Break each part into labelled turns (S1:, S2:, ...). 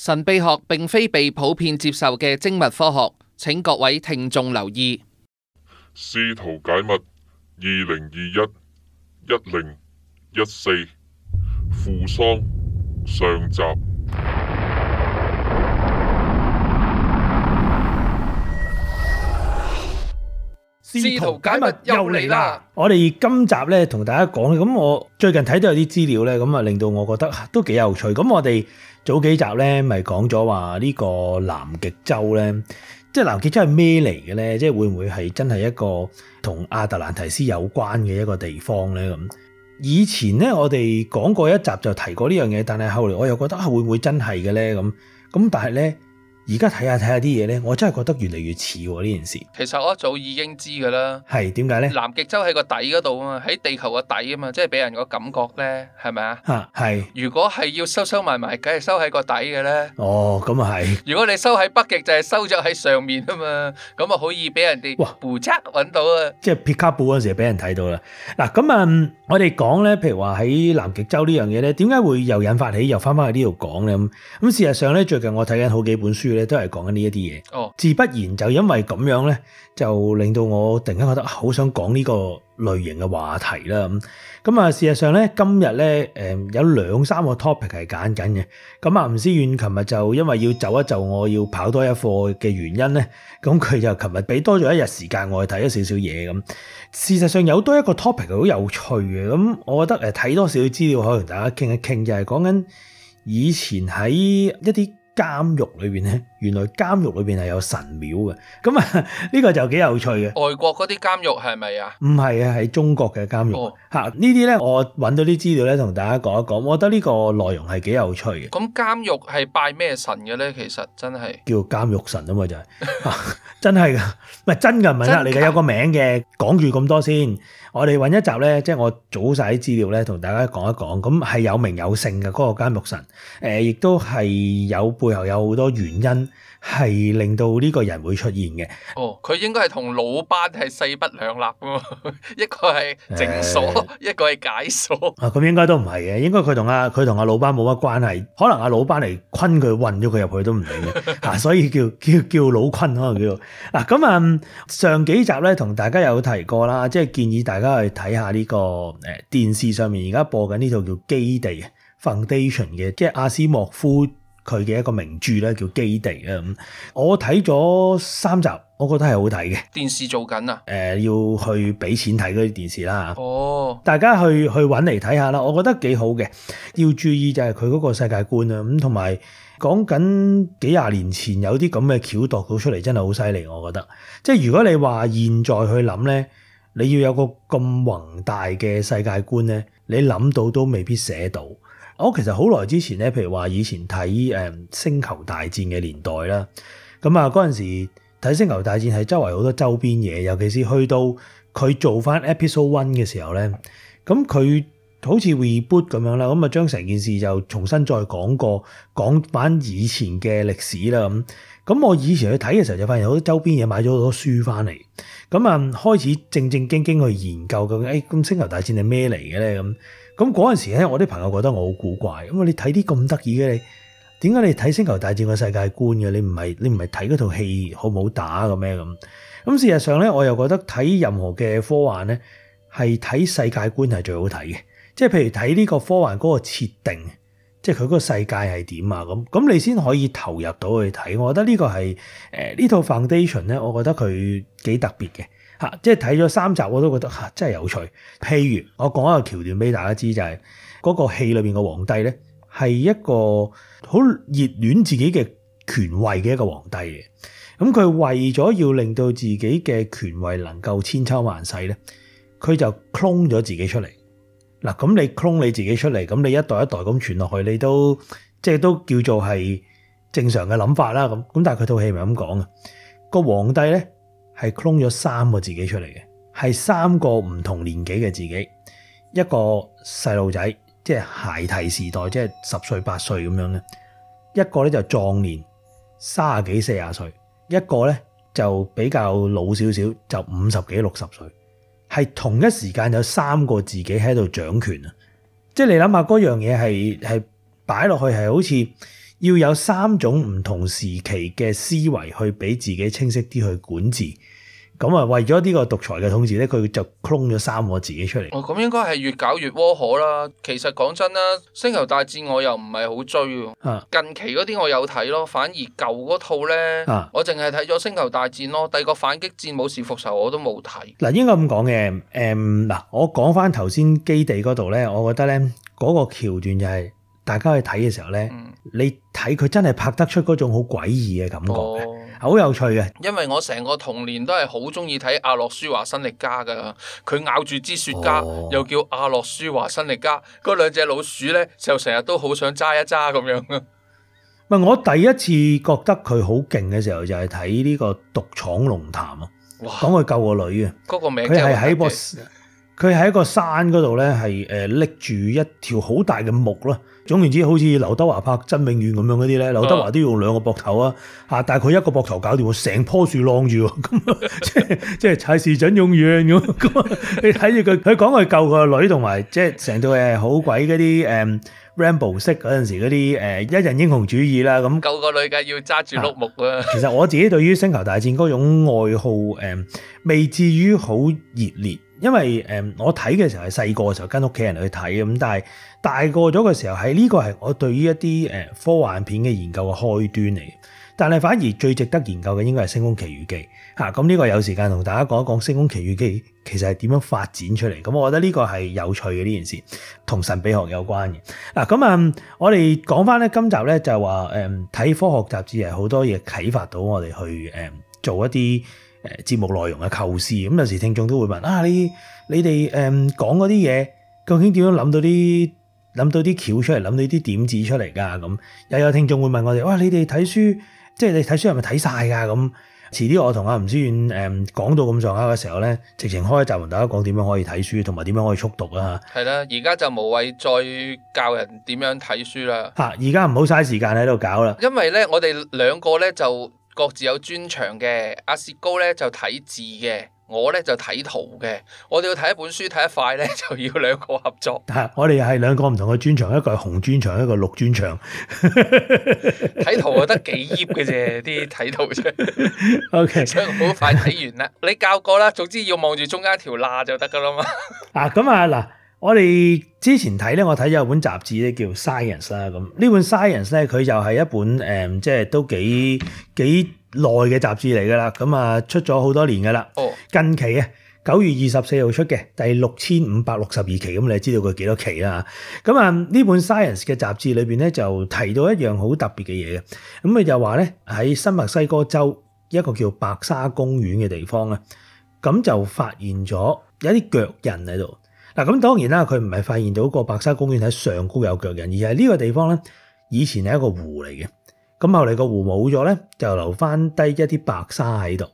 S1: 神秘學並非被普遍接受嘅精密科學，請各位聽眾留意。試圖解密二零二一一零一四扶桑上集。試圖解密又嚟啦！
S2: 我哋今集咧同大家講，咁我最近睇到有啲資料咧，咁啊令到我覺得都幾有趣，咁我哋。早幾集咧，咪講咗話呢個南極洲咧，即係南極洲係咩嚟嘅咧？即係會唔會係真係一個同亞特蘭提斯有關嘅一個地方咧？咁以前咧，我哋講過一集就提過呢樣嘢，但係後嚟我又覺得啊，會唔會真係嘅咧？咁咁，但係咧。而家睇下睇下啲嘢咧，我真係覺得越嚟越似呢件事。
S1: 其實我早已經知噶啦。
S2: 係點解咧？南
S1: 極洲喺個底嗰度啊嘛，喺地球個底啊嘛，即係俾人個感覺咧，係咪啊？
S2: 啊，係。
S1: 如果係要收收埋埋，梗係收喺個底嘅咧。
S2: 哦，咁啊係。
S1: 如果你收喺北極，就係收咗喺上面啊嘛，咁啊可以俾人哋哇胡測揾到啊。
S2: 即係皮卡布嗰陣時俾人睇到啦。嗱咁啊。我哋講呢，譬如話喺南極洲呢樣嘢呢，點解會又引發起又翻翻去呢度講呢？咁事實上呢，最近我睇緊好幾本書呢，都係講緊呢一啲嘢。哦，自不然就因為咁樣呢，就令到我突然間覺得好想講呢個。類型嘅話題啦咁，咁啊事實上咧，今日咧誒有兩三個 topic 係揀緊嘅。咁啊吳思遠琴日就因為要走一走，我要跑多一課嘅原因咧，咁佢就琴日俾多咗一日時間我去睇咗少少嘢咁。事實上有多一個 topic 係好有趣嘅，咁我覺得誒睇多少少資料可以同大家傾一傾，就係講緊以前喺一啲監獄裏面咧。原來監獄裏邊係有神廟嘅，咁啊呢個就幾有趣嘅。
S1: 外國嗰啲監獄係咪啊？
S2: 唔係啊，喺中國嘅監獄嚇、哦、呢啲咧，我揾到啲資料咧，同大家講一講。我覺得呢個內容係幾有趣嘅。
S1: 咁、嗯、監獄係拜咩神嘅咧？其實真係
S2: 叫監獄神啊嘛，就係、是、 真係嘅，唔係真嘅唔係黑嚟嘅，真的真的 有個名嘅。講住咁多先，我哋揾一集咧，即、就、係、是、我做晒啲資料咧，同大家講一講。咁係有名有姓嘅嗰、那個監獄神，誒、呃、亦都係有背後有好多原因，係令到呢個人會出現嘅。哦，
S1: 佢應該係同老班係勢不兩立嘅，一個係整鎖，一個係解鎖。
S2: 啊，咁應該都唔係嘅，應該佢同阿佢同阿老班冇乜關係。可能阿老班嚟困佢，困咗佢入去都唔理唔定嘅。 啊，所以叫叫叫老坤可能叫。嗱，咁啊，上幾集咧同大家有提過啦，即係建議大家去睇下呢個誒電視上面而家播緊呢套叫基地 Foundation 嘅，即係阿斯莫夫。佢嘅一個名著咧，叫基地啊！咁我睇咗三集，我覺得係好睇嘅。
S1: 電視做緊啊？誒、
S2: 呃，要去俾錢睇嗰啲電視啦
S1: 哦，
S2: 大家去去揾嚟睇下啦，我覺得幾好嘅。要注意就係佢嗰個世界觀啊，咁同埋講緊幾廿年前有啲咁嘅橋篤到出嚟，真係好犀利，我覺得。即、就、係、是、如果你話現在去諗咧，你要有個咁宏大嘅世界觀咧，你諗到都未必寫到。我其實好耐之前咧，譬如話以前睇誒《星球大戰》嘅年代啦，咁啊嗰陣時睇《星球大戰》係周圍好多周邊嘢，尤其是去到佢做翻 Episode One 嘅時候咧，咁佢好似 Reboot 咁樣啦，咁啊將成件事就重新再講過，講翻以前嘅歷史啦咁。咁我以前去睇嘅時候就發現好多周邊嘢，買咗好多書翻嚟，咁啊開始正正經經去研究究誒咁《星球大戰》係咩嚟嘅咧咁。咁嗰陣時咧，我啲朋友覺得我好古怪，因為你睇啲咁得意嘅，你點解你睇星球大戰個世界觀嘅？你唔係你唔係睇嗰套戲好唔好打咁咩咁？咁事實上咧，我又覺得睇任何嘅科幻咧，係睇世界觀係最好睇嘅。即係譬如睇呢個科幻嗰個設定，即係佢個世界係點啊咁，咁你先可以投入到去睇。我覺得呢個係誒呢套 Foundation 咧，我覺得佢幾特別嘅。嚇！即係睇咗三集我都覺得吓、啊、真係有趣。譬如我講一個橋段俾大家知，就係、是、嗰個戲裏面個皇帝咧係一個好熱戀自己嘅權位嘅一個皇帝嘅。咁佢為咗要令到自己嘅權位能夠千秋萬世咧，佢就 clone 咗自己出嚟。嗱，咁你 clone 你自己出嚟，咁你一代一代咁傳落去，你都即係都叫做係正常嘅諗法啦。咁咁，但係佢套戲咪咁講啊，個皇帝咧。係 clone 咗三個自己出嚟嘅，係三個唔同年紀嘅自己，一個細路仔，即係孩提時代，即係十歲八歲咁樣嘅；一個咧就壯年，三十幾四十歲；一個咧就比較老少少，就五十幾六十歲。係同一時間有三個自己喺度掌權啊！即係你諗下嗰樣嘢係係擺落去係好似要有三種唔同時期嘅思維去俾自己清晰啲去管治。咁啊，為咗呢個獨裁嘅統治咧，佢就 clone 咗三個字嘅出嚟。
S1: 哦，咁應該係越搞越過火啦。其實講真啦，《星球大戰》我又唔係好追喎，啊。近期嗰啲我有睇咯，反而舊嗰套咧，啊，我淨係睇咗《星球大戰》咯。第二個《反擊戰》武士復仇我都冇睇。
S2: 嗱，應該咁講嘅。誒，嗱，我講翻頭先基地嗰度咧，我覺得咧嗰，那個橋段就係，是，大家去睇嘅時候咧，嗯，你睇佢真係拍得出嗰種好詭異嘅感覺。哦好有趣嘅，
S1: 因為我成個童年都係好中意睇阿諾舒華辛力加噶，佢咬住支雪茄，又叫阿諾舒華辛力加，嗰、哦、兩隻老鼠咧就成日都好想揸一揸咁樣。
S2: 唔係我第一次覺得佢好勁嘅時候，就係睇呢個獨闖龍
S1: 潭啊！哇，
S2: 講佢救個女啊，嗰個名佢係喺個，佢 喺個山嗰度咧，係誒拎住一條好大嘅木啦。總言之，好似劉德華拍《真永遠》咁樣嗰啲咧，劉德華都要用兩個膊頭啊！啊，但係佢一個膊頭搞掂，成樖樹晾住，咁 即係即係踩士准用軟咁。你睇住佢，佢講佢救個女同埋，即係成套誒好鬼嗰啲誒 ramble 式嗰陣時嗰啲，嗯、一人英雄主義啦咁。救
S1: 個女嘅要揸住碌木啊！其實
S2: 我自己對於星球大戰嗰種愛好，嗯、未至於好熱烈。因為誒，我睇嘅時候係細個嘅時候跟屋企人去睇咁，但係大個咗嘅時候係呢、呢個係我對於一啲誒科幻片嘅研究嘅開端嚟。但係反而最值得研究嘅應該係《星空奇遇記》吓，咁呢個有時間同大家講一講《星空奇遇記》其實係點樣發展出嚟。咁我覺得呢個係有趣嘅呢件事，同神秘學有關嘅。嗱咁啊，嗯、我哋講翻咧，今集咧就係話誒，睇科學雜誌係好多嘢啟發到我哋去誒做一啲。誒，節目內容嘅構思，咁、嗯、有時聽眾都會問啊，你你哋誒講嗰啲嘢，究竟點樣諗到啲諗到啲橋出嚟，諗到啲點子出嚟噶？咁、嗯、又有，有聽眾會問我哋，哇，你哋睇書，即係你睇書係咪睇晒噶？咁遲啲我同阿吳思遠誒講到咁上下嘅時候咧，直情開一集同大家講點樣可以睇書，同埋點樣可以速讀啊？
S1: 係啦，而家就無謂再教人點樣睇書啦。
S2: 啊，而家唔好嘥時間喺度搞啦。因
S1: 為咧，我哋兩個咧就。各自有專長嘅，阿薛高咧就睇字嘅，我咧就睇圖嘅。我哋要睇一本書睇得快咧，就要兩個合作。係，
S2: 我哋係兩個唔同嘅專長，一個係紅專長，一個綠專長。
S1: 睇 圖我得幾頁嘅啫，啲 睇圖啫。O、okay. K，所以好快睇完啦。你教過啦，總之要望住中間條罅就得噶啦嘛。
S2: 嗱，咁啊，嗱、啊。我哋之前睇咧，我睇咗有本雜誌咧叫 Science 啦。咁呢本 Science 咧，佢就係一本誒，即係都幾幾耐嘅雜誌嚟噶啦。咁啊，出咗好多年噶啦。哦，近期啊，九月二十四號出嘅第六千五百六十二期，咁你知道佢幾多期啦？咁啊，呢本 Science 嘅雜誌裏面咧，就提到一樣好特別嘅嘢嘅。咁佢就話咧，喺新墨西哥州一個叫白沙公園嘅地方啊，咁就發現咗有啲腳印喺度。嗱，咁當然啦，佢唔係發現到個白沙公園喺上高有腳印，而係呢個地方咧，以前係一個湖嚟嘅。咁後嚟個湖冇咗咧，就留翻低一啲白沙喺度。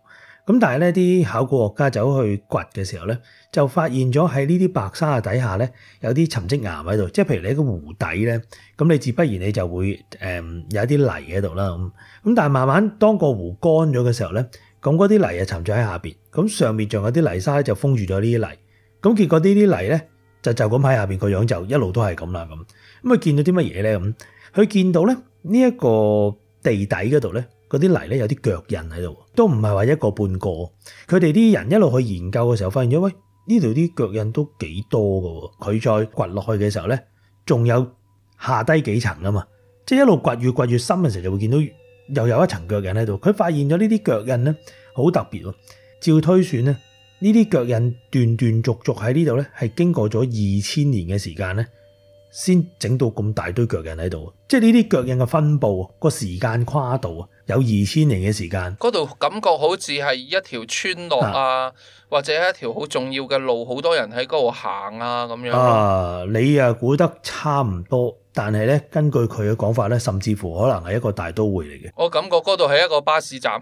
S2: 咁但係咧，啲考古學家走去掘嘅時候咧，就發現咗喺呢啲白沙底下咧，有啲沉積岩喺度。即係譬如你喺個湖底咧，咁你自不然你就會誒有一啲泥喺度啦。咁咁但係慢慢當個湖乾咗嘅時候咧，咁嗰啲泥啊沉咗喺下邊，咁上面仲有啲泥沙咧就封住咗呢啲泥。咁結果呢啲泥咧，就就咁喺下面個樣，就一路都係咁啦咁。咁啊見到啲乜嘢咧咁？佢見到咧呢一個地底嗰度咧，嗰啲泥咧有啲腳印喺度，都唔係話一個半個。佢哋啲人一路去研究嘅時候，發現咗喂，呢度啲腳印都幾多噶。佢再掘落去嘅時候咧，仲有下低幾層噶嘛。即係一路掘越掘越深嘅時候，就會見到又有一層腳印喺度。佢發現咗呢啲腳印咧，好特別喎。照推算咧。呢啲腳印斷斷續續喺呢度呢，係經過咗二千年嘅時間呢，先整到咁大堆腳印喺度。即係呢啲腳印嘅分佈，個時間跨度啊，有二千年嘅時間。
S1: 嗰度感覺好似係一條村落啊，啊或者一條好重要嘅路，好多人喺嗰度行啊咁樣。啊，
S2: 你啊估得差唔多。但係咧，根據佢嘅講法咧，甚至乎可能係一個大都會嚟嘅。
S1: 我感覺嗰度係一個巴士站，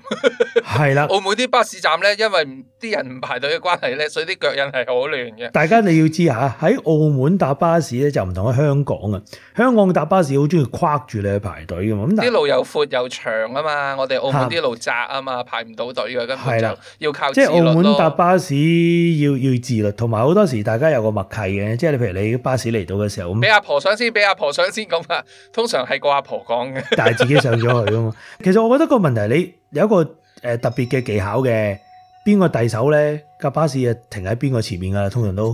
S2: 係 啦。澳
S1: 門啲巴士站咧，因為啲人唔排隊嘅關係咧，所以啲腳印係好亂嘅。大
S2: 家你要知嚇喺澳門搭巴士咧就唔同喺香港啊！香港搭巴士好中意框住你去排隊嘅嘛。啲
S1: 路又闊又長啊嘛，我哋澳門啲路窄啊嘛，啊排唔到隊嘅根本就。係啦，要靠自律咯。即係、就係、澳門搭
S2: 巴士要要自律，同埋好多時大家有個默契嘅，即係你譬如你巴士嚟到嘅時候，俾阿
S1: 婆上先，俾阿婆上。首先講啊，通常係個阿婆講嘅，但係自己上
S2: 咗去啊嘛。其實我覺得個問題你有一個誒特別嘅技巧嘅，邊個遞手咧？架巴士啊停喺邊個前面㗎喇，通常都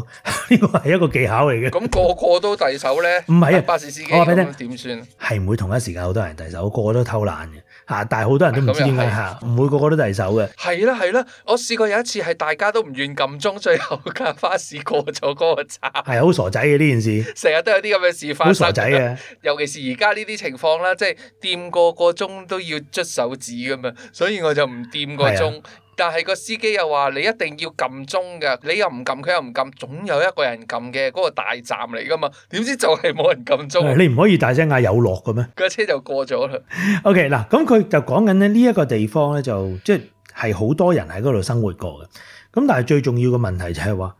S2: 呢個係一個技巧嚟
S1: 嘅。咁個個都遞手咧？唔係啊，巴士司機我話俾你聽點算？
S2: 係唔會同一時間好多人遞手，個個都偷懶嘅。嚇、啊！但係好多人都唔知點解嚇，唔、啊、會、啊啊啊、個個都第一手嘅。
S1: 係啦係啦，我試過有一次係大家都唔願撳鐘，最後架巴士過咗嗰個站。係
S2: 好、啊、傻仔嘅呢件事，
S1: 成日都有啲咁嘅事發生。好傻仔嘅，尤其是而家呢啲情況啦，即係掂個個鐘都要捽手指咁樣，所以我就唔掂個鐘。但係個司機又話：你一定要撳鐘嘅，你又唔撳，佢又唔撳，總有一個人撳嘅。嗰、嗰個大站嚟㗎嘛，點知就係冇人撳鐘、哦。你
S2: 唔可以大聲嗌有落嘅咩？
S1: 個車就過咗啦。OK
S2: 嗱，咁佢就講緊咧呢一個地方咧，就即係好多人喺嗰度生活過嘅。咁但係最重要嘅問題就係、是、話、呢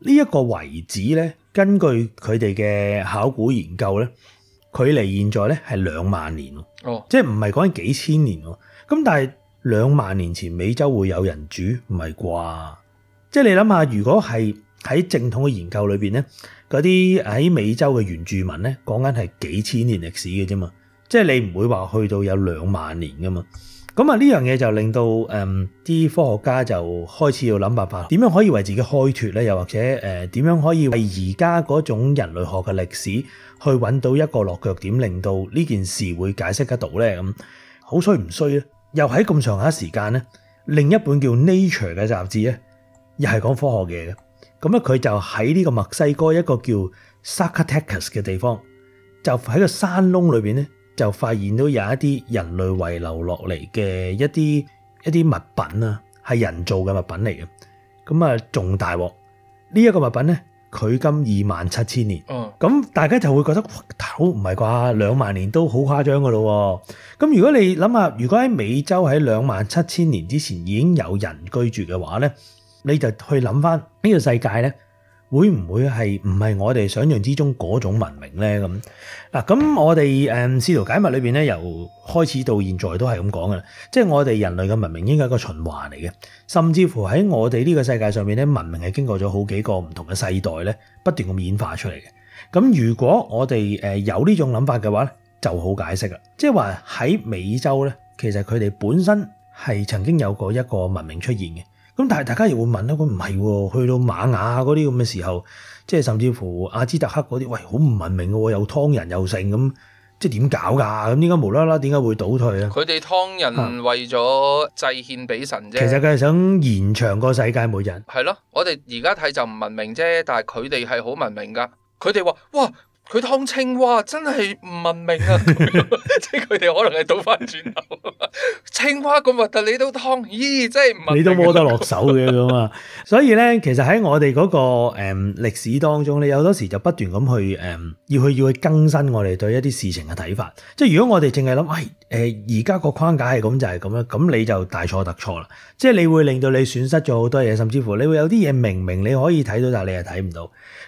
S2: 個、呢一個遺址咧，根據佢哋嘅考古研究咧，距離現在咧係兩萬年咯、哦。即係唔係講緊幾千年喎？咁但係。兩萬年前美洲會有人住，唔係啩？即係你諗下，如果係喺正統嘅研究裏邊咧，嗰啲喺美洲嘅原住民咧，講緊係幾千年歷史嘅啫嘛。即係你唔會話去到有兩萬年噶嘛。咁啊，呢樣嘢就令到誒啲、嗯、科學家就開始要諗辦法，點樣可以為自己開脱咧？又或者誒點樣可以為而家嗰種人類學嘅歷史去揾到一個落腳點，令到呢件事會解釋得到咧？咁好衰唔衰咧？又喺咁上下時間咧，另一本叫 Nature 嘅雜誌咧，又係講科學嘅嘢嘅。咁咧佢就喺呢個墨西哥一個叫 Zacatecas 嘅地方，就喺個山窿裏邊咧，就發現到有一啲人類遺留落嚟嘅一啲一啲物品啊，係人造嘅物品嚟嘅。咁啊，仲大鑊呢一個物品咧。佢今二萬七千年，咁、嗯、大家就會覺得，頭唔係啩？兩萬年都好誇張㗎咯。咁如果你諗下，如果喺美洲喺兩萬七千年之前已經有人居住嘅話咧，你就去諗翻呢個世界咧。會唔會係唔係我哋想象之中嗰種文明呢？咁嗱，咁我哋誒試圖解密裏邊咧，由開始到現在都係咁講噶啦，即係我哋人類嘅文明應該係一個循環嚟嘅，甚至乎喺我哋呢個世界上面咧，文明係經過咗好幾個唔同嘅世代咧，不斷咁演化出嚟嘅。咁如果我哋誒有呢種諗法嘅話咧，就好解釋啦，即係話喺美洲咧，其實佢哋本身係曾經有過一個文明出現嘅。咁但係大家又會問咧，佢唔係喎，去到瑪雅嗰啲咁嘅時候，即係甚至乎阿茲特克嗰啲，喂好唔文明嘅，又劏人又性咁，即係點搞噶？咁依家無啦啦點解會倒退啊？佢
S1: 哋劏人為咗祭獻俾神啫，嗯。其實
S2: 佢係想延長個世界末日。
S1: 係咯，我哋而家睇就唔文明啫，但係佢哋係好文明噶，佢哋話哇。佢劏青蛙真係唔文明啊！ 即係佢哋可能係倒翻轉頭， 青蛙咁核突，你都劏，咦？真係唔文明，啊、你都摸
S2: 得落手嘅咁啊！ 所以咧，其實喺我哋嗰個誒歷史當中咧，你有好多時就不斷咁去誒，要去要去更新我哋對一啲事情嘅睇法。即係如果我哋淨係諗，誒而家個框架係咁就係咁啦，咁你就大錯特錯啦！即係你會令到你損失咗好多嘢，甚至乎你會有啲嘢明明你可以睇到，但你係睇唔到。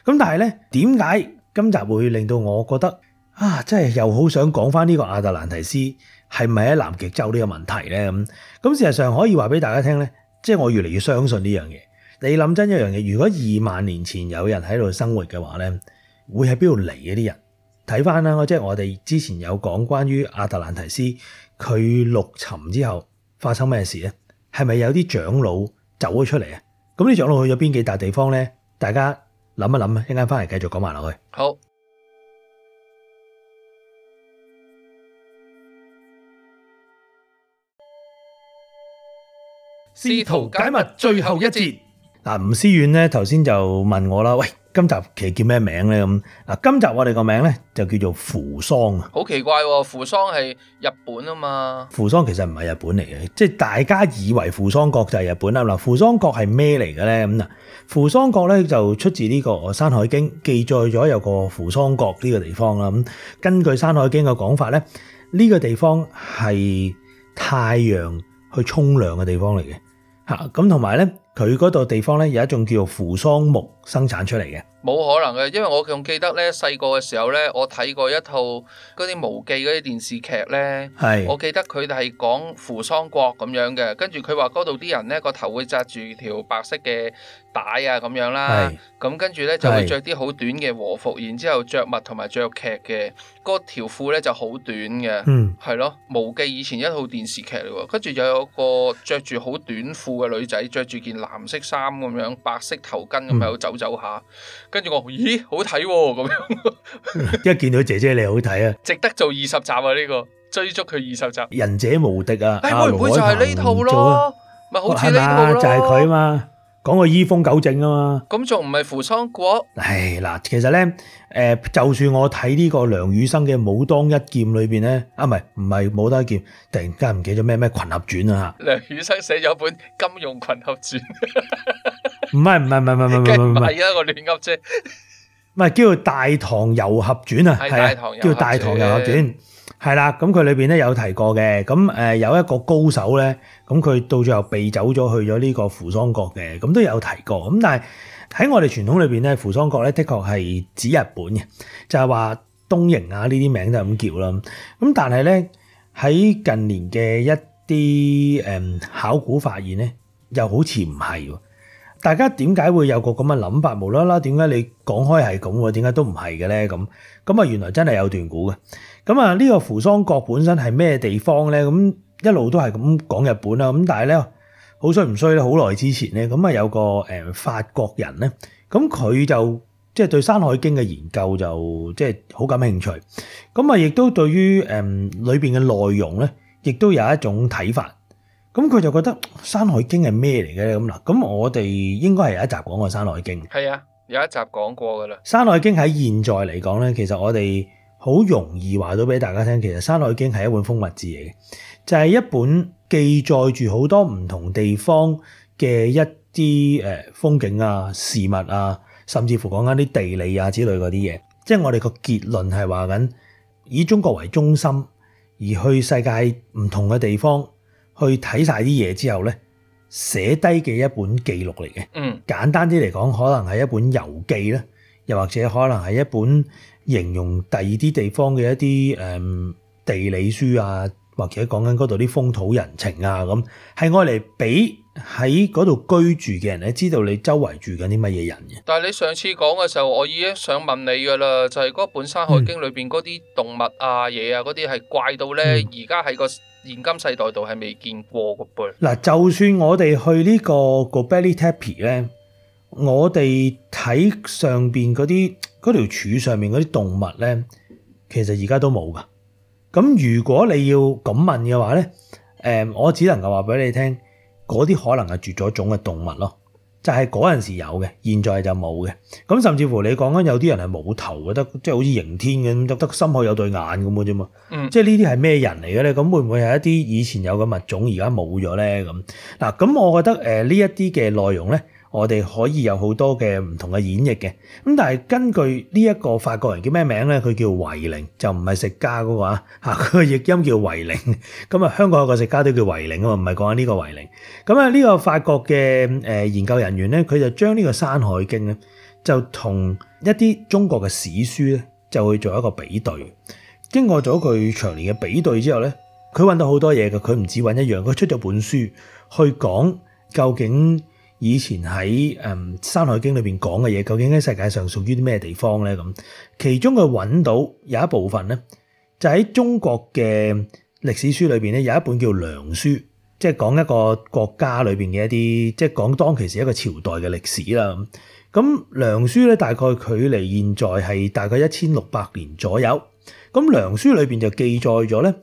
S2: 咁但係咧，點解？今集會令到我覺得啊，真係又好想講翻呢個亞特蘭提斯係咪喺南極洲呢個問題呢？咁、嗯。咁事實上可以話俾大家聽呢，即係我越嚟越相信呢樣嘢。你諗真一樣嘢，如果二萬年前有人喺度生活嘅話呢，會喺邊度嚟啲人？睇翻啦，即係我哋之前有講關於亞特蘭提斯佢陸沉之後發生咩事呢？係咪有啲長老走咗出嚟啊？咁啲長老去咗邊幾笪地方呢？大家。諗一諗，一陣間翻嚟繼續講埋落去。
S1: 好，試圖解密最後一節。
S2: 嗱，吳思遠呢，頭先就問我啦，喂。今集其實叫咩名呢？咁，嗱，今集我哋個名呢，就叫做扶桑啊。
S1: 好奇怪，扶桑係日本啊嘛。
S2: 扶桑其實唔係日本嚟嘅，即係大家以為扶桑國就係日本啦。嗱，扶桑國係咩嚟嘅呢？咁，嗱，扶桑國呢，就出自呢個《山海經》，記載咗有個扶桑國呢個地方啦。咁根據《山海經》嘅講法呢，呢個地方係太陽去沖涼嘅地方嚟嘅，吓，咁同埋呢，佢嗰度地方呢，有一種叫做扶桑木。生產出嚟嘅
S1: 冇可能嘅，因為我仲記得呢，細個嘅時候呢，我睇過一套嗰啲《無記》嗰啲電視劇呢。係我記得佢哋係講扶桑國咁樣嘅，跟住佢話嗰度啲人呢，個頭會紮住條白色嘅帶啊咁樣啦，咁跟住呢就會着啲好短嘅和服，然之後着襪同埋着劇嘅，嗰條褲呢就好短嘅，嗯，係咯，《無記》以前一套電視劇嚟喎，跟住又有個着住好短褲嘅女仔，着住件藍色衫咁樣，白色頭巾咁樣走。嗯走下，跟住我咦，好睇咁、哦、樣， 一
S2: 為見到姐姐你好睇啊，
S1: 值得做二十集啊呢、這個，追逐佢二十集，仁
S2: 者無敵啊，哎、啊會唔會就係呢套咯？咪好
S1: 似呢套咯？係、哦、就係佢啊
S2: 嘛，講個醫風九正啊嘛，
S1: 咁仲唔係扶桑國？
S2: 唉嗱，其實咧，誒、呃，就算我睇呢個梁羽生嘅《武當一劍》裏邊咧，啊，唔係唔係《武當一劍》，突然間唔記得咩咩《群俠傳》啊，
S1: 梁羽生寫咗本《金庸群俠傳。》
S2: 唔係唔係唔係唔係唔係唔係唔係，我亂噏啫，唔係叫《大唐遊俠傳》啊，係叫《大唐遊俠傳》係啦。咁佢裏邊咧有提過嘅，咁誒有一個高手咧，咁佢到最後避走咗去咗呢個扶桑國嘅，咁都有提過。咁但係喺我哋傳統裏邊咧，扶桑國咧的確係指日本嘅，就係話東瀛啊呢啲名都係咁叫啦。咁但係咧喺近年嘅一啲誒考古發現咧，又好似唔係。大家點解會有個咁嘅諗法？無啦啦，點解你講開係咁喎？點解都唔係嘅咧？咁咁啊，原來真係有段古嘅。咁啊，呢個扶桑國本身係咩地方咧？咁一路都係咁講日本啦。咁但係咧，好衰唔衰咧？好耐之前咧，咁啊有個誒法國人咧，咁佢就即係對《山海經》嘅研究就即係好感興趣。咁啊，亦都對於誒裏面嘅內容咧，亦都有一種睇法。咁佢就覺得《山海經》係咩嚟嘅咧？咁嗱，咁我哋應該係有一集講過《山海經》。
S1: 係啊，有一集講過噶啦。
S2: 《山海經》喺現在嚟講咧，其實我哋好容易話到俾大家聽，其實《山海經》係一本風物誌嚟嘅，就係一本記載住好多唔同地方嘅一啲誒風景啊、事物啊，甚至乎講緊啲地理啊之類嗰啲嘢。即係我哋個結論係話緊以中國為中心，而去世界唔同嘅地方。去睇晒啲嘢之後呢，寫低嘅一本記錄嚟嘅。嗯，簡單啲嚟講，可能係一本遊記啦，又或者可能係一本形容第二啲地方嘅一啲誒地理書啊，或者講緊嗰度啲風土人情啊咁，係用嚟俾喺嗰度居住嘅人咧，知道你周圍住緊啲乜嘢人嘅。
S1: 但係你上次講嘅時候，我已經想問你噶啦，就係嗰本《山海經》裏邊嗰啲動物啊嘢啊嗰啲係怪到呢，而家喺個。現今世代度係未見過個杯。
S2: 嗱，就算我哋去呢個個 Gobekli Tepe 咧，我哋睇上面嗰啲嗰條柱上面嗰啲動物咧，其實而家都冇噶。咁如果你要咁問嘅話咧，誒，我只能夠話俾你聽，嗰啲可能係絕咗種嘅動物咯。就係嗰陣時有嘅，現在就冇嘅。咁甚至乎你講緊有啲人係冇頭嘅，得即係好似刑天咁，得心口有對眼咁嘅啫嘛。嗯，即係呢啲係咩人嚟嘅咧？咁會唔會係一啲以前有嘅物種而家冇咗咧？咁嗱，咁我覺得誒呢一啲嘅內容咧。我哋可以有好多嘅唔同嘅演繹嘅，咁但係根據呢一個法國人叫咩名咧？佢叫維寧，就唔係食家嘅話，佢嘅譯音叫維寧。咁啊，香港有個食家都叫維寧啊嘛，唔係講緊呢個維寧。咁啊，呢個法國嘅誒研究人員咧，佢就將呢個《山海經》咧，就同一啲中國嘅史書咧，就去做一個比對。經過咗佢長年嘅比對之後咧，佢揾到好多嘢嘅，佢唔止揾一樣，佢出咗本書去講究竟。以前喺誒《山海經》裏邊講嘅嘢，究竟喺世界上屬於啲咩地方咧？咁其中佢揾到有一部分咧，就喺、是、中國嘅歷史書裏邊咧，有一本叫《梁書》，即係講一個國家裏邊嘅一啲，即係講當其時一個朝代嘅歷史啦。咁《梁書》咧，大概距離現在係大概一千六百年左右。咁《梁書》裏邊就記載咗咧，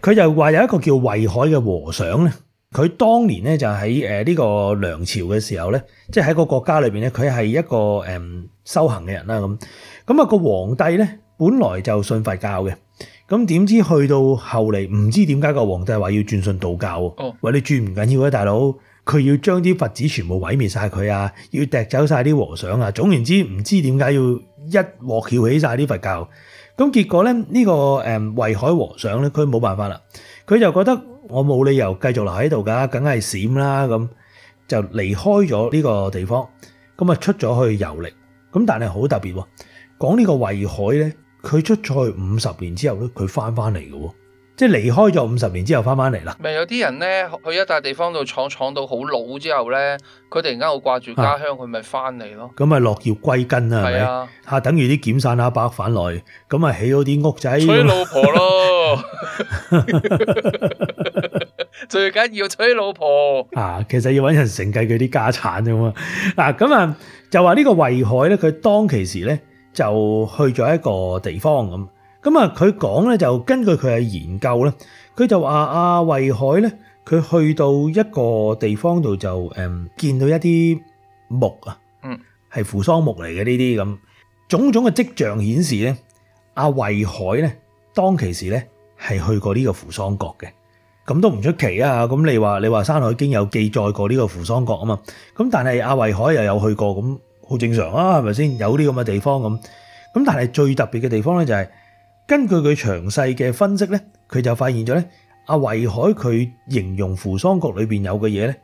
S2: 佢就話有一個叫慧海嘅和尚咧。佢當年咧就喺誒呢個梁朝嘅時候咧，即係喺個國家裏面咧，佢係一個誒、嗯、修行嘅人啦。咁咁啊個皇帝咧，本來就信佛教嘅。咁點知去到後嚟，唔知點解個皇帝話要轉信道教啊？話、哦、你轉唔緊要啊，大佬！佢要將啲佛寺全部毀滅晒佢啊，要踢走晒啲和尚啊。總言之，唔知點解要一鑊撬起晒啲佛教。咁結果咧，呢、這個誒、嗯、慧海和尚咧，佢冇辦法啦，佢就覺得。我冇理由繼續留喺度㗎，梗係閃啦。咁就離開咗呢個地方，咁啊出咗去遊歷。咁但係好特別喎，講呢個魏海咧，佢出咗去五十年之後咧，佢翻返嚟嘅喎。即係離開咗五十年之後翻翻嚟啦。
S1: 咪、嗯、有啲人咧去一笪地方度闖闖到好老之後咧，佢突然間好掛住家鄉，佢咪翻嚟咯。
S2: 咁咪落葉歸根呀，係呀，啊？吓、啊啊啊，等於啲檢散阿伯返來，咁啊起咗啲屋仔，娶老婆
S1: 咯。 最緊要娶老婆
S2: 啊！其實要搵人承繼佢啲家產啫嘛。嗱、啊，咁啊就話呢個慧海咧，佢當其時咧就去咗一個地方咁。咁啊，佢講咧就根據佢嘅研究咧，佢就話阿慧海咧，佢去到一個地方度就誒見到一啲木啊，嗯，係扶桑木嚟嘅呢啲咁，種種嘅跡象顯示咧，阿慧海咧當其時咧係去過呢個扶桑國嘅，咁都唔出奇啊！咁你話你話《山海經》有記載過呢個扶桑國啊嘛，咁但係阿慧海又有去過，咁好正常啊，係咪先？有啲咁嘅地方咁，咁但係最特別嘅地方咧就係。根據佢詳細嘅分析咧，佢就發現咗咧，阿維海佢形容扶桑國裏邊有嘅嘢咧，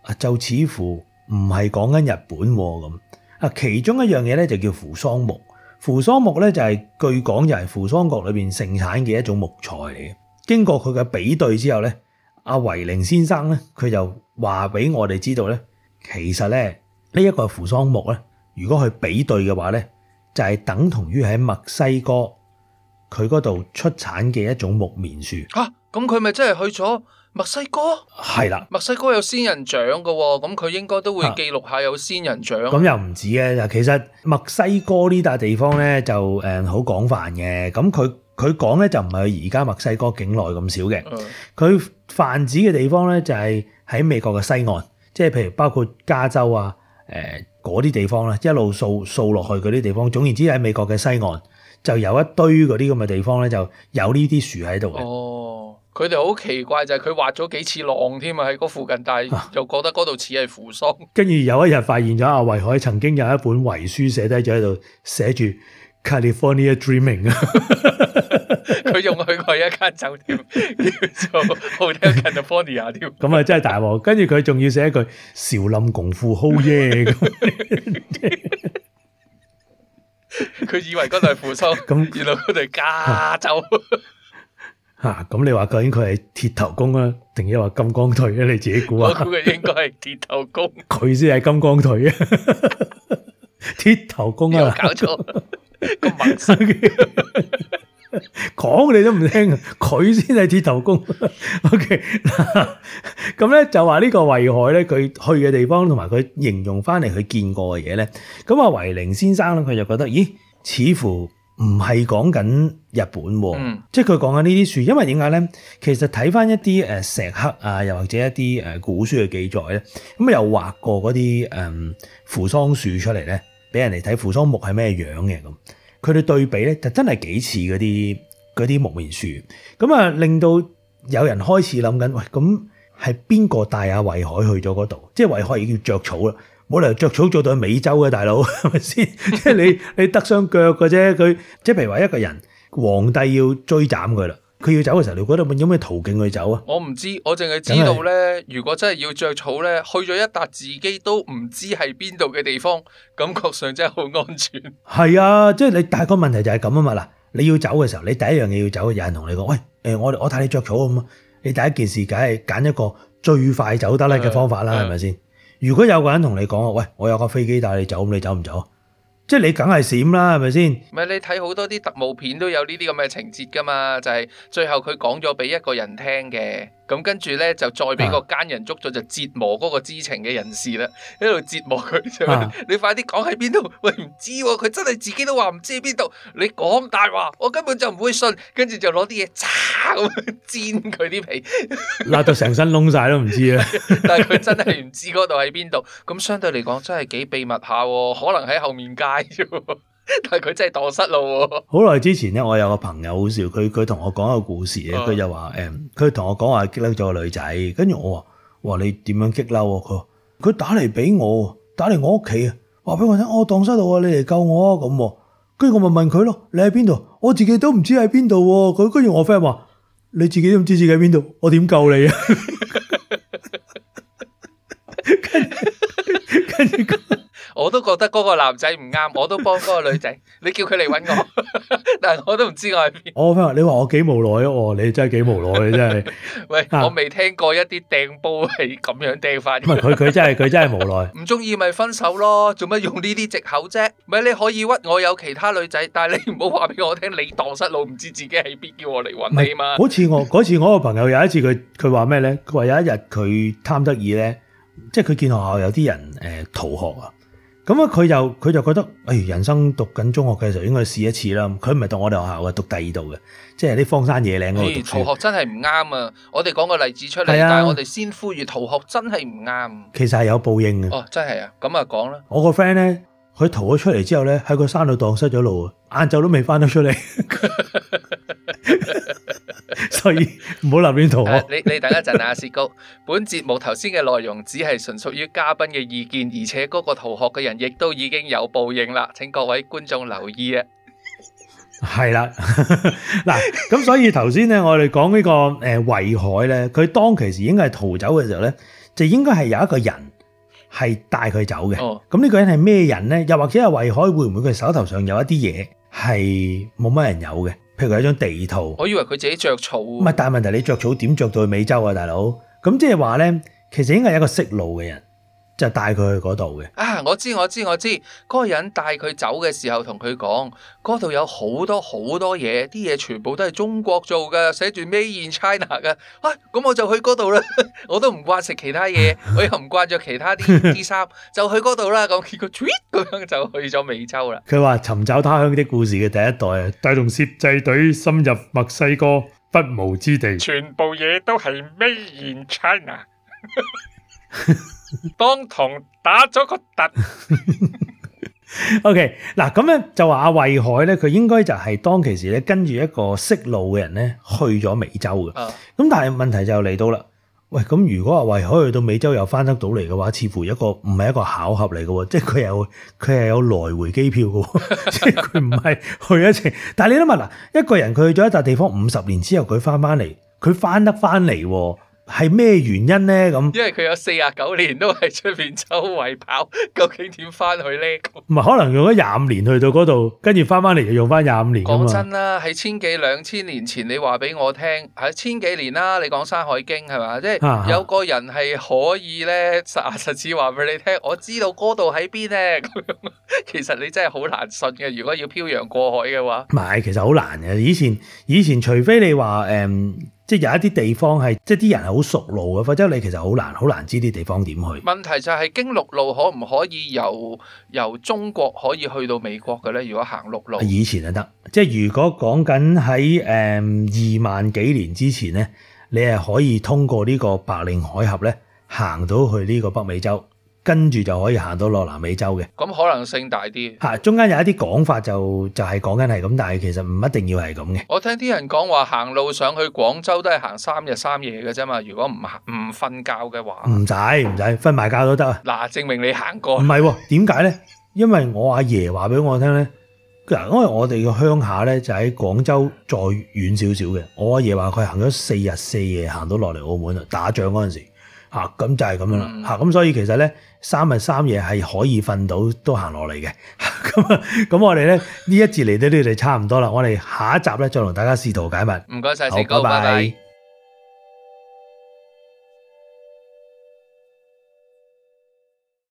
S2: 啊就似乎唔係講緊日本咁。啊其中一樣嘢咧就叫扶桑木，扶桑木咧就係、是、據講就係扶桑國裏邊盛產嘅一種木材嚟嘅。經過佢嘅比對之後咧，阿維寧先生咧佢就話俾我哋知道咧，其實咧呢一個扶桑木咧，如果去比對嘅話咧，就係、是、等同於喺墨西哥。佢嗰度出產嘅一種木棉樹
S1: 啊，咁佢咪真係去咗墨西哥？係啦，墨西哥有仙人掌㗎喎，咁佢應該都會記錄下有仙人掌。咁又唔
S2: 止嘅，其實墨西哥呢笪地方咧就誒好廣泛嘅。咁佢佢講咧就唔係而家墨西哥境內咁少嘅，佢泛指嘅地方咧就係喺美國嘅西岸，即係譬如包括加州啊誒嗰啲地方啦，一路掃掃落去嗰啲地方。總言之喺美國嘅西岸。就有一堆嗰啲咁嘅地方咧，就有呢啲樹喺度嘅。
S1: 哦，佢哋好奇怪，就係佢劃咗幾次浪添啊，喺嗰附近，但係又覺得嗰度似係扶桑。
S2: 跟住有一日發現咗，阿慧海曾經有一本遺書寫低咗喺度，寫住 California Dreaming。
S1: 佢仲去過一間酒店，叫做 Hotel California 添。
S2: 咁啊，真係大鑊！跟住佢仲要寫一句少林功夫好嘢。
S1: 佢 以為嗰度係扶桑，咁 原來佢哋加州
S2: 吓。咁、啊 啊、你話究竟佢係鐵頭功啊，定係話金剛腿啊？你自己估 功啊？我估佢應
S1: 該係鐵頭功，
S2: 佢先係金剛腿啊。鐵頭功啊，搞錯咁陌生嘅。講你都唔聽，佢先係鐵頭功。 O.K. 咁 咧就話呢個維海咧，佢去嘅地方同埋佢形容翻嚟佢見過嘅嘢咧。咁、嗯、啊，維寧先生咧，佢就覺得咦，似乎唔係講緊日本。喎、嗯。即係佢講緊呢啲樹，因為點解咧？其實睇翻一啲誒石刻啊，又或者一啲誒古書嘅記載咧，咁又畫過嗰啲誒扶桑樹出嚟咧，俾人哋睇扶桑木係咩樣嘅咁。佢哋對比咧，就真係幾似嗰啲。嗰啲木棉樹，咁啊令到有人開始諗緊，喂，咁係邊個帶阿維海去咗嗰度？即係維海已經着草啦，冇理由着草做到去美洲嘅大佬，係咪先？ 即係你你得雙腳嘅啫，佢即係譬如話一個人，皇帝要追斬佢啦，佢要走嘅時候，你覺得有咩途徑去走啊？
S1: 我唔知，我淨係知道咧，如果真係要着草咧，去咗一笪自己都唔知係邊度嘅地方，感覺上真係好安全。
S2: 係啊，即係你大個問題就係咁啊嘛啦。你要走嘅時候，你第一樣嘢要走嘅，有人同你講，喂，誒，我我替你着草咁啊！你第一件事梗係揀一個最快走得甩嘅方法啦，係咪先？如果有個人同你講喂，我有個飛機帶你走，咁你走唔走？即係你梗係閃啦，係咪先？
S1: 唔係你睇好多啲特務片都有呢啲咁嘅情節噶嘛，就係最後佢講咗俾一個人聽嘅。咁跟住呢，就再俾個奸人捉咗，就折磨嗰個知情嘅人士啦，喺度折磨佢、啊。你快啲講喺邊度？喂，唔知喎、哦，佢真係自己都話唔知喺邊度。你講大話，我根本就唔會信。跟住就攞啲嘢叉咁煎佢啲皮，
S2: 辣到成身窿晒都唔知啊！
S1: 但係佢真係唔知嗰度喺邊度。咁相對嚟講，真係幾秘密下，可能喺後面街啫。但係佢真
S2: 係蕩失路。好耐之前咧，我有個朋友好笑，佢佢同我講個故事咧，佢就話：，誒，佢同我講話激嬲咗個女仔，跟住我話：，話你點樣激嬲？佢佢打嚟俾我，打嚟我屋企啊，話俾我聽，我蕩失路啊，你嚟救我啊，咁。跟住我咪問佢咯，你喺邊度？我自己都唔知喺邊度。佢跟住我 friend 話：，你自己都唔知自己喺邊度，我點救你啊？
S1: 跟住跟住。我都覺得嗰個男仔唔啱，我都幫嗰個女仔。你叫佢嚟揾我，但係我都唔知我喺邊。
S2: 哦、你話我你話我幾無奈啊！你真係幾無奈，你真係。
S1: 喂，我未聽過一啲掟煲係咁樣掟返。佢， 佢
S2: 真係佢真係無奈。唔
S1: 中意咪分手咯？做乜用呢啲藉口啫？咪你可以屈我有其他女仔，但係你唔好話俾我聽，你蕩失路唔知自己係邊，叫我嚟揾你嘛？嗰次我
S2: 嗰次我個朋友有一次佢佢話咩咧？佢話有一日佢貪得意咧，即係佢見學校有啲人誒逃學啊。咁啊，佢就佢就覺得，哎，人生讀緊中學嘅時候應該試一次啦。佢唔係讀我哋學校嘅，讀第二度嘅，即係啲荒山野嶺嗰度讀。哎，逃學
S1: 真係唔啱啊！我哋講個例子出嚟，啊，但係我哋先呼籲逃學真係唔啱。
S2: 其實係有報應嘅。哦，
S1: 真係啊！咁啊，講啦。
S2: 我個 friend 呢，佢逃咗出嚟之後呢，喺個山度盪失咗路啊，晏晝都未翻得出嚟。 所以唔好流亂逃啊！你你等一陣啊，
S1: 阿士高，本節目頭先嘅內容只係純屬於嘉賓嘅意見，而且嗰個逃學嘅人亦都已經有報應啦，請各位觀眾留意
S2: 啊！係啦，嗱，咁所以頭先咧，我哋講呢個誒，慧深咧，佢當其時應該係逃走嘅時候咧，就應該係有一個人係帶佢走嘅。哦，咁呢個人係咩人咧？又或者係慧深會唔會佢手頭上有一啲嘢係冇乜人有嘅？佢係一張地圖，我
S1: 以為佢自己着草。唔係，
S2: 但係問題你着草點着到去美洲啊，大佬？咁即係話咧，其實應該係一個識路嘅人。就帶佢去嗰度嘅。
S1: 啊，我知，我知，我知，嗰個人帶佢走嘅時候同佢講，嗰度有好多好多嘢，啲嘢全部都係中國做嘅，寫住 Made in China 嘅。啊，咁我就去嗰度啦， 我都唔慣食其他嘢， 我又唔慣着其他啲衫， 就去嗰度啦。咁結果咁 樣就去咗美洲啦。
S2: 佢話尋找他鄉啲故事嘅第一代啊，帶同攝製隊深入墨西哥不毛之地，全
S1: 部嘢都係 Made in China。 當堂打咗個突
S2: ，OK 嗱咁樣就話阿衛海咧，佢應該就係當其時咧跟住一個識路嘅人咧去咗美洲嘅，咁、啊、但係問題就嚟到啦，喂咁如果阿衛海去到美洲又翻得到嚟嘅話，似乎一個唔係一個巧合嚟嘅，即係佢有佢係有來回機票嘅，即係佢唔係去一次，但係你諗下，嗱，一個人佢去咗一笪地方五十年之後佢翻翻嚟，佢翻得翻嚟。係咩原因呢？咁，
S1: 因為佢有四十九年都喺出邊周圍跑，究竟點翻去呢？
S2: 唔係，可能用咗廿五年去到嗰度，跟住翻翻嚟又用翻廿五年。講真
S1: 啦，喺千幾兩千年前，你話俾我聽，係千幾年啦，你講《山海經》係嘛？即、啊、係有個人係可以咧，實實次話俾你聽，我知道嗰度喺邊咧。其實你真係好難信嘅，如果要漂洋過海嘅話，唔
S2: 係，其實好難嘅。以前以前，除非你話誒。嗯即係有一啲地方係，即係啲人係好熟路嘅，否則你其實好難好難知啲地方點去。
S1: 問題就係經陸路可唔可以由由中國可以去到美國嘅咧？如果行陸路，以
S2: 前就得。即係如果講緊喺誒二萬幾年之前咧，你係可以通過呢個白令海峽咧，行到去呢個北美洲。跟住就可以行到落南美洲嘅，
S1: 咁、嗯、可能性大啲。
S2: 吓，中間有一啲講法就就係講緊係咁，但係其實唔一定要係咁嘅。
S1: 我聽啲人講話行路上去廣州都係行三日三夜嘅啫嘛，如果唔唔瞓覺嘅話，
S2: 唔使唔使瞓埋覺都得啊。
S1: 嗱，證明你行過。唔係
S2: 喎，點解咧？因為我阿爺話俾我聽咧，因為我哋嘅鄉下咧就喺廣州再遠少少嘅。我阿爺話佢行咗四日四夜行到落嚟澳門啊，打仗嗰陣時。咁、啊、就係、是、咁樣啦。咁、嗯啊、所以其實呢，三日三夜係可以瞓到都行落嚟嘅。咁 咁、嗯嗯、我哋呢，呢一節嚟到呢度就差唔多啦。我哋下一集呢，再同大家試圖解密。唔該晒，謝謝，好哥，拜拜。拜拜。